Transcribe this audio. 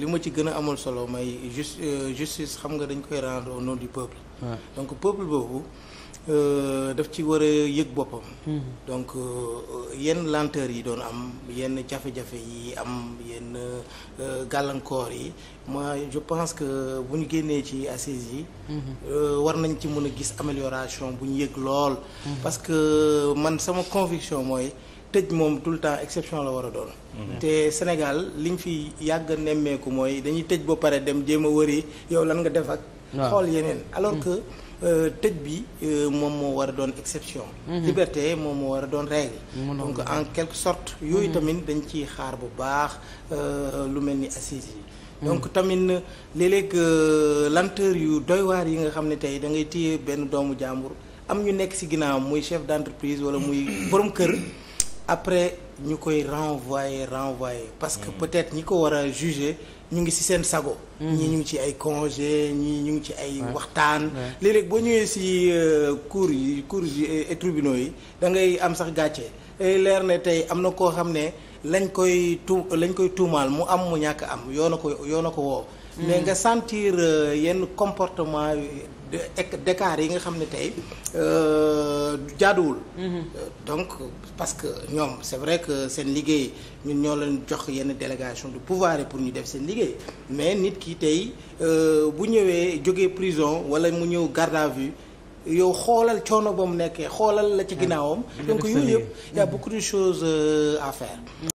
li ma ci gën a amul solo may juste euh, justice xam nga dañ koy rendre au nom du peuple. donc peuple boobu euh, daf ci war a yëg boppam. Mm-hmm. donc euh, yenn lenteur yi doon am yenn jafe-jafe yi am yenn gàllankoor yi mois je pense que bu ñu génnee ci assises yi. Mm-hmm. war nañ ci mën a gis amélioration bu ñu yëg lool. Mm-hmm. parce que man sama conviction mooy. tëj moom tout le temps exception la war a doon. Mhm. te Sénégal liñ fi yàgg nemmeeku mooy dañuy tëj ba pare dem jéem a wëri yow lan nga def ak. xool yeneen mhm. alors que. Euh, tëj bi euh, moom moo war a doon exception. Mhm. liberté moom moo war a doon règle. donc en quelque sorte. yooyu tamit dañ ci xaar bu baax euh, lu mel ni assises yi. donc tamit léeg-léeg lenteur yu doy waar yi nga xam ne tey da ngay téye benn doomu jàmbur am ñu nekk ci ginnaaw muy chef d'entreprise walla muy borom kër. après ñu koy renvoyer renvoyer parce que mm. peut-être ñi ko war a juger ñu ngi ci seen sago mm. ñii ñu ngi ci ay congé ñii ñu ngi ci ay waxtaan léeg boo ñëwee ci euh, cour yi cour yi tribunaux yi da ngay am sax gàcce leer ne tey am na koo xam ne lañ koy tu lañ koy tuumaal mu am mu ñàkk am yoo na ko yoo na ko woo mais nga sentir euh, yenn comportement d'écart yi nga xam ne tey euh, jaaduwul. Mhm. Euh, donc parce que ñoom c'est vrai que seen liggéey ñu ñoo leen jox yenn délégation de pouvoir pour ñu def seen liggéey mais nit ki tey bu ñëwee jógee prison wala mu ñëw garde à vue yow xoolal coono ba mu nekkee xoolal la ci ginnaawam. donc yooyu yëpp y a beaucoup de choses à